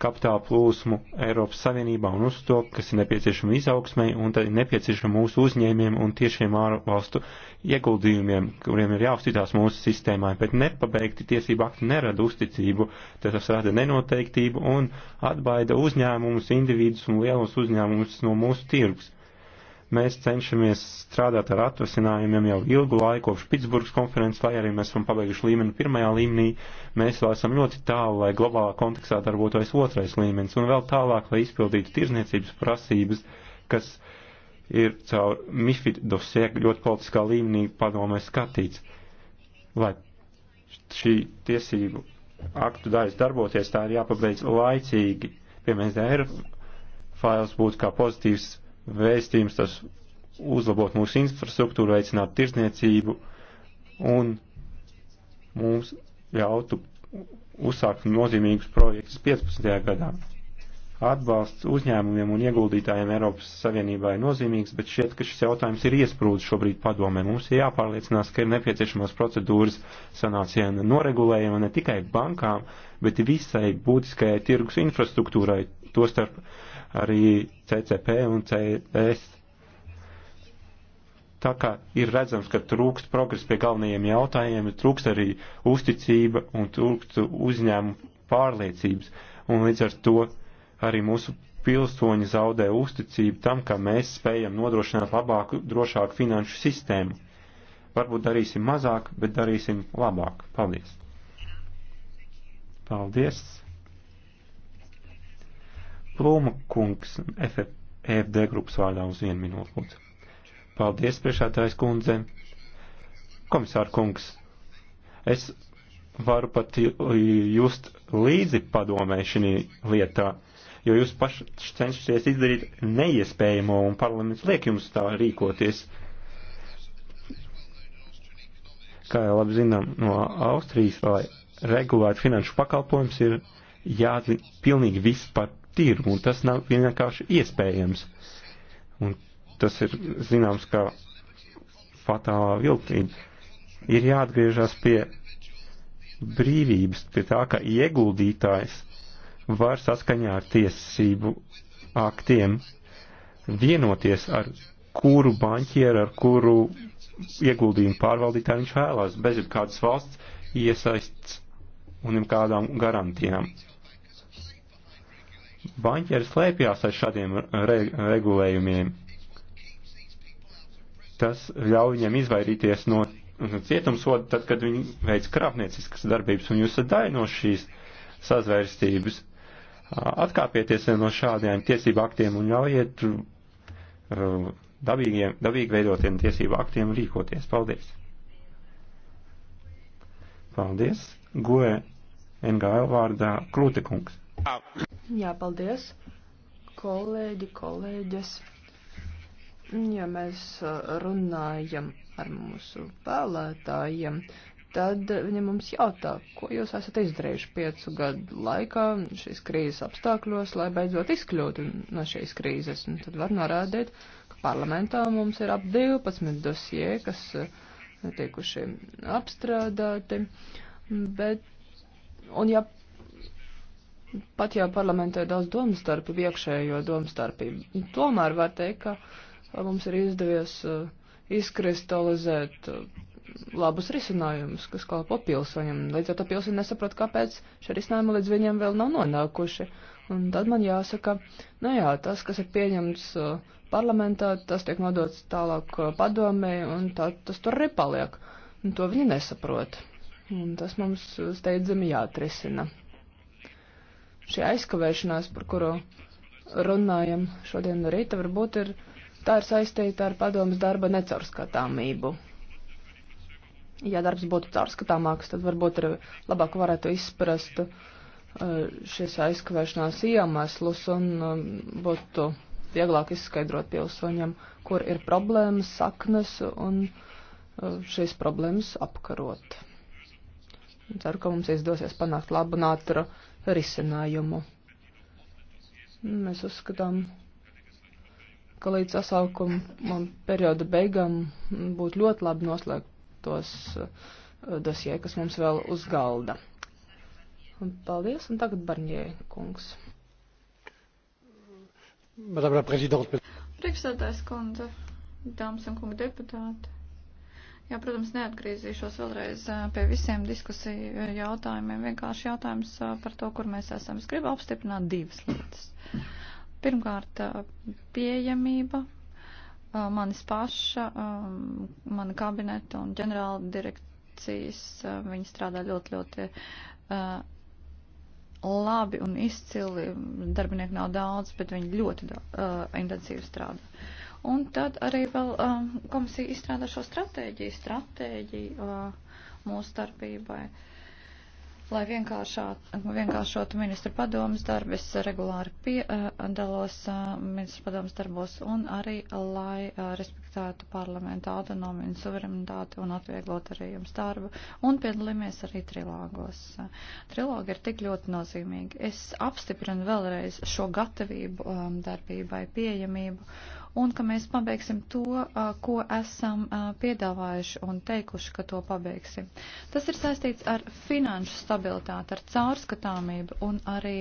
S3: kapitāla plūsmu Eiropas Savienībā un uz to, kas ir nepieciešama izaugsmai un tad ir nepieciešama mūsu uzņēmiem un tiešiem ārvalstu ieguldījumiem, kuriem ir jāuzticās mūsu sistēmai, bet nepabeigti tiesību akti nerada uzticību, tas rada nenoteiktību un atbaida uzņēmumus, individus un lielos uzņēmumus no mūsu tirgus. Mēs cenšamies strādāt ar atvasinājumiem jau ilgu laiku kopš Pitsburgas konferences, lai arī mēs esam pabeiguši līmeni pirmajā līmenī. Mēs vēl esam ļoti tālu, lai globālā kontekstā darbotos otrais līmenis un vēl tālāk, lai izpildītu tirzniecības prasības, kas ir caur MIFID dosē ļoti politiskā līmenī padomē skatīts, lai šī tiesību aktu daļas darboties, tā ir jāpabeidz laicīgi. Piemēram, eiro fails būtu kā pozitīvs vēstījums tas uzlabot mūsu infrastruktūru, veicināt tirzniecību un mums ļautu uzsākt nozīmīgus projektus 15. gadā. Atbalsts uzņēmumiem un ieguldītājiem Eiropas Savienībā ir nozīmīgs, bet šķiet, ka šis jautājums ir iesprūdis šobrīd padomē. Mums ir jāpārliecinās, ka ir nepieciešamās procedūras sanāciena noregulējuma ne tikai bankām, bet visai būtiskajai tirgus infrastruktūrai, tostarp starp arī CCP un CS. Tā kā ir redzams, ka trūkst progress pie galvenajiem jautājumiem, trūkst arī uzticība un trūkst uzņēmumu pārliecības. Un līdz ar to arī mūsu pilsoņi zaudē uzticību tam, ka mēs spējam nodrošināt labāku, drošāku finanšu sistēmu. Varbūt darīsim mazāk, bet darīsim labāk. Paldies! Paldies! Plūma kungs FF, EFD grupas vārdā uz vienu minūtu lūdzu. Paldies, priekšētājs kundze. Komisāra kungs, es varu pat just līdzi padomē šī lietā, jo jūs paši cenšaties izdarīt neiespējamo un parlaments liek jums tā rīkoties. Kā jau labi zinām, no Austrijas, lai regulētu finanšu pakalpojums, ir jāzina pilnīgi viss par tirgu, un tas nav vienkārši iespējams. Un tas ir zināms kā fatālā viltība. Ir jāatgriežas pie brīvības, pie tā, ka ieguldītājs var saskaņā ar tiesību aktiem vienoties ar kuru banķieru, ar kuru ieguldījumu pārvaldītāju viņš vēlās, bez jebkādas valsts iesaists un jebkādām garantijām. Banķieri slēpjās ar šādiem re regulējumiem. Tas ļauj viņiem izvairīties no cietumsoda, tad, kad viņi veic krāpnieciskas darbības, un jūs esat daļa no šīs sazvērstības. Atkāpieties no šādiem tiesību aktiem un ļaujiet dabīgiem, dabīgi veidotiem tiesību aktiem rīkoties. Paldies! Paldies! Goe NGL vārdā Klūte kungs.
S2: Jā, paldies, kolēģi, kolēģis. Ja mēs uh, runājam ar mūsu vēlētājiem, tad viņi mums jautā, ko jūs esat izdarījuši piecu gadu laikā šīs krīzes apstākļos, lai beidzot izkļūtu no šīs krīzes. Un tad var norādīt, ka parlamentā mums ir ap 12 dosie, kas uh, tiekuši apstrādāti, bet, un ja Pat jau parlamentē daudz domstarpību, iekšējo domstarpību. Tomēr var teikt, ka mums ir izdevies uh, izkristalizēt uh, labus risinājumus, kas kalpo pilsoņiem. Līdz ar to pilsoņi nesaprot, kāpēc šie risinājumi līdz viņiem vēl nav nonākuši. Un tad man jāsaka, nu jā, tas, kas ir pieņemts uh, parlamentā, tas tiek nodots tālāk padomē, un tā, tas tur arī paliek. Un to viņi nesaprot. Un tas mums steidzami jāatrisina šī aizkavēšanās, par kuru runājam šodien no rīta, varbūt ir, tā ir saistīta ar padomas darba necaurskatāmību. Ja darbs būtu caurskatāmāks, tad varbūt arī labāk varētu izprast uh, šīs aizkavēšanās iemeslus un um, būtu vieglāk izskaidrot pilsoņiem, kur ir problēmas, saknes un uh, šīs problēmas apkarot. Ceru, ka mums izdosies panākt labu un ātru risinājumu. Mēs uzskatām, ka līdz sasaukuma perioda beigām būtu ļoti labi noslēgt tos uh, dosie, kas mums vēl uz galda. Paldies, un tagad Barņē kungs.
S1: Priekšsēdājs kundze, dāmas un kungi deputāti. Jā, protams, neatgriezīšos vēlreiz pie visiem diskusiju jautājumiem. Vienkārši jautājums par to, kur mēs esam. Es gribu apstiprināt divas lietas. Pirmkārt, pieejamība manis paša, mana kabineta un ģenerāla direkcijas. Viņi strādā ļoti, ļoti labi un izcili. Darbinieku nav daudz, bet viņi ļoti intensīvi strādā. Un tad arī vēl um, komisija izstrādā šo stratēģiju, stratēģiju uh, mūsu starpībai. Lai vienkāršotu ministru padomas darbu, es regulāri piedalos uh, ministru padomas darbos un arī, lai uh, respektētu parlamentu autonomiju un suverenitāti un atvieglot arī jums darbu. Un piedalīmies arī trilogos. Trilogi ir tik ļoti nozīmīgi. Es apstiprinu vēlreiz šo gatavību um, darbībai, pieejamību un ka mēs pabeigsim to, ko esam piedāvājuši un teikuši, ka to pabeigsim. Tas ir saistīts ar finanšu stabilitāti, ar caurskatāmību un arī,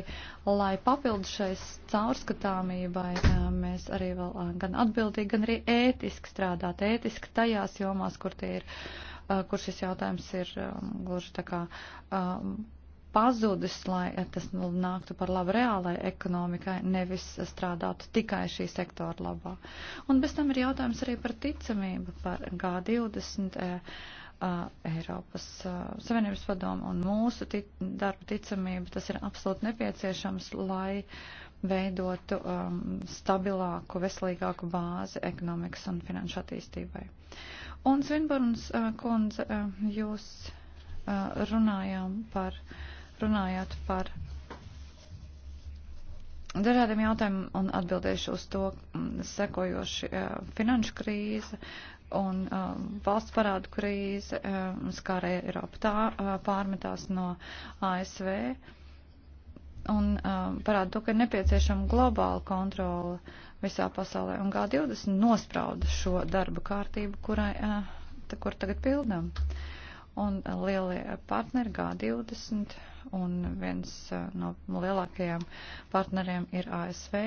S1: lai papildus šais caurskatāmībai, mēs arī vēl gan atbildīgi, gan arī ētiski strādāt, ētiski tajās jomās, kur tie ir, kur šis jautājums ir gluži tā kā pazudis, lai tas nu nāktu par labu reālai ekonomikai, nevis strādātu tikai šī sektora labā. Un bez tam ir jautājums arī par ticamību, par G20, e, a, Eiropas a, Savienības padomu un mūsu tic, darba ticamību. Tas ir absolūti nepieciešams, lai veidotu um, stabilāku, veselīgāku bāzi ekonomikas un finanšu attīstībai. Un Svinburns uh, kundze, uh, jūs runājām par uh, runājāt par dažādiem jautājumiem un atbildēšu uz to mm, sekojoši eh, finanšu krīze un eh, valsts parādu krīze eh, skārēja Eiropu. Tā pārmetās no ASV un parāda to, ka ir nepieciešama globāla kontrola visā pasaulē. Un G20 nosprauda šo darba kārtību, kurai, kur tagad pildam. Un lielie partneri G20 un viens eh, no lielākajiem partneriem ir eh, ASV.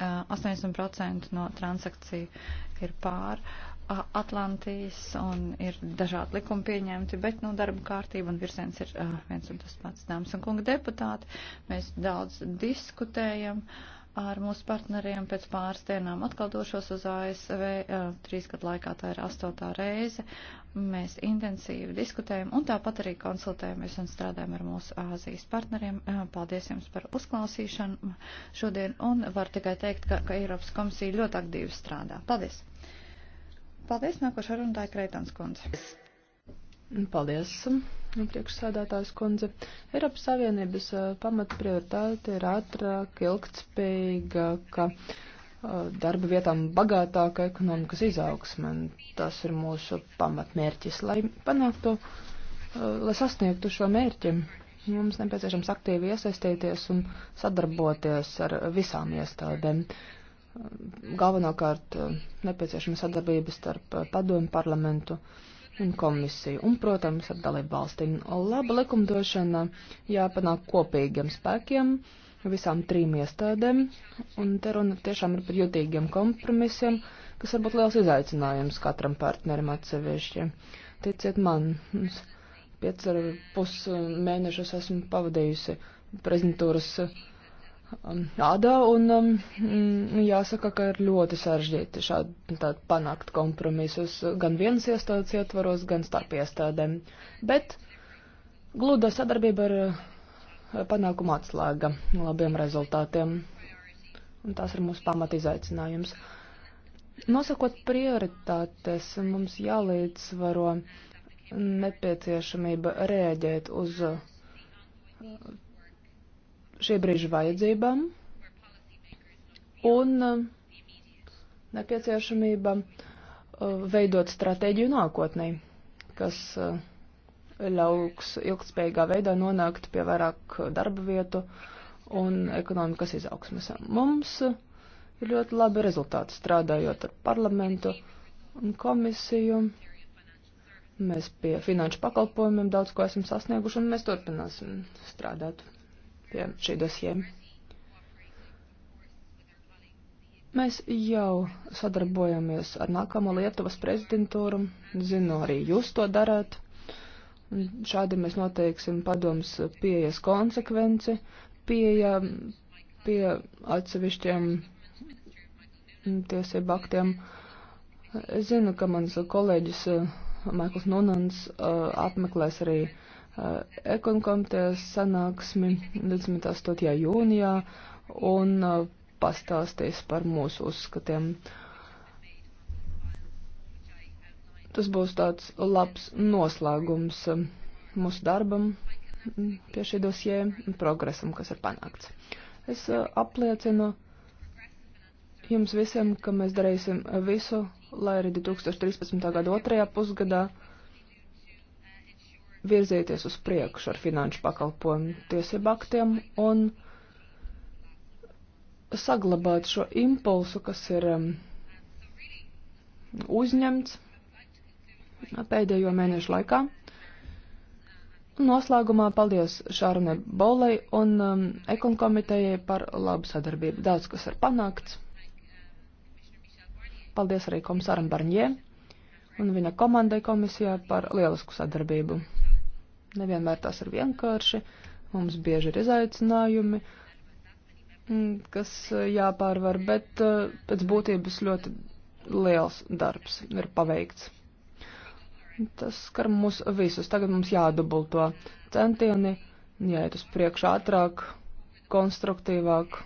S1: 80% no transakciju ir pār Atlantijas un ir dažādi likumi pieņemti, bet nu, darba kārtība un virziens ir eh, viens un tas pats. Dāmas un kunga deputāti, mēs daudz diskutējam. Uh, ar mūsu partneriem pēc pāris dienām atkal došos uz ASV. Trīs gadu laikā tā ir astotā reize. Mēs intensīvi diskutējam un tāpat arī konsultējamies un strādājam ar mūsu Āzijas partneriem. Paldies jums par uzklausīšanu šodien un var tikai teikt, ka, ka Eiropas komisija ļoti aktīvi strādā. Paldies! Paldies, nākošais runātāja Kreitans kundze.
S2: Paldies. Nu, priekšsādātājs kundze. Eiropas Savienības pamata prioritāte ir ātrāk, ilgtspējīgāka, darba vietām bagātāka ekonomikas izaugsme. Tas ir mūsu pamatmērķis, lai panāktu, lai sasniegtu šo mērķi. Mums nepieciešams aktīvi iesaistīties un sadarboties ar visām iestādēm galvenokārt nepieciešama sadarbība starp padomu parlamentu un komisiju, un, protams, ar dalību valstīm. Laba likumdošana jāpanāk kopīgiem spēkiem, visām trim iestādēm, un te runa tiešām ir par jutīgiem kompromisiem, kas varbūt liels izaicinājums katram partnerim atsevišķi. Ticiet man, piec ar pus mēnešus esmu pavadījusi prezentūras Um, ādā, un um, mm, jāsaka, ka ir ļoti sarežģīti šādi tād, panākt kompromisus gan vienas iestādes ietvaros, gan starp iestādēm. Bet glūda sadarbība ir uh, panākuma atslēga labiem rezultātiem, un tas ir mūsu pamatizaicinājums. Nosakot prioritātes, mums jālīdzsvaro nepieciešamība rēģēt uz uh, šī brīža vajadzībām un uh, nepieciešamība uh, veidot stratēģiju nākotnē, kas uh, ļauks ilgspējīgā veidā nonākt pie vairāk darba vietu un ekonomikas izaugsmes. Mums ir ļoti labi rezultāti strādājot ar parlamentu un komisiju. Mēs pie finanšu pakalpojumiem daudz ko esam sasnieguši un mēs turpināsim strādāt pie šī dosiem. Mēs jau sadarbojamies ar nākamo Lietuvas prezidentūru, zinu, arī jūs to darāt. Šādi mēs noteiksim padoms pieejas konsekvenci, pieeja pie atsevišķiem tiesību aktiem. Es zinu, ka mans kolēģis uh, Maikls Nunans uh, apmeklēs arī uh, Eh, ekonkomitejas sanāksmi 28. jūnijā un eh, pastāstīs par mūsu uzskatiem. Tas būs tāds labs noslēgums eh, mūsu darbam mm, pie šī dosie progresam, kas ir panākts. Es apliecinu jums visiem, ka mēs darīsim visu, lai arī 2013. gada otrajā pusgadā uh, virzīties uz priekšu ar finanšu pakalpojumu tiesību aktiem un saglabāt šo impulsu, kas ir um, uzņemts pēdējo mēnešu laikā. Noslēgumā paldies Šārunai Bolei un um, ekonkomitejai par labu sadarbību. Daudz kas ir panākts. Paldies arī komisāram Barņē un viņa komandai komisijā par lielisku sadarbību. Nevienmēr tas ir vienkārši, mums bieži ir izaicinājumi, mm, kas eh, jāpārvar, bet eh, pēc būtības ļoti liels darbs ir paveikts. Tas skar mūs visus. Tagad mums jādubulto centieni, jāiet uz priekšu ātrāk, konstruktīvāk,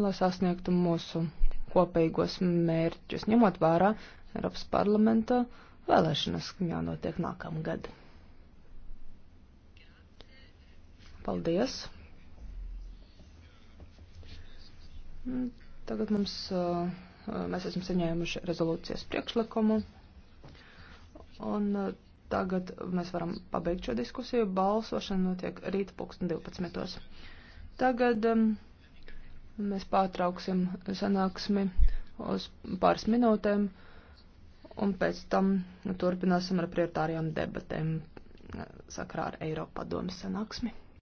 S2: lai sasniegtu mūsu kopīgos mērķus, ņemot vērā Eiropas parlamenta uh, Vēlēšanas jānotiek nākamgad. Paldies! Nu, tagad mums, uh, mēs esam saņēmuši rezolūcijas priekšlikumu, un uh, tagad mēs varam pabeigt šo diskusiju. Balsošana notiek rīta pulksten 12. Tagad um, mēs pārtrauksim sanāksmi uz pāris minūtēm un
S1: pēc tam nu, turpināsim ar prioritārajām debatēm eh, sakrā ar Eiropa padomas sanāksmi.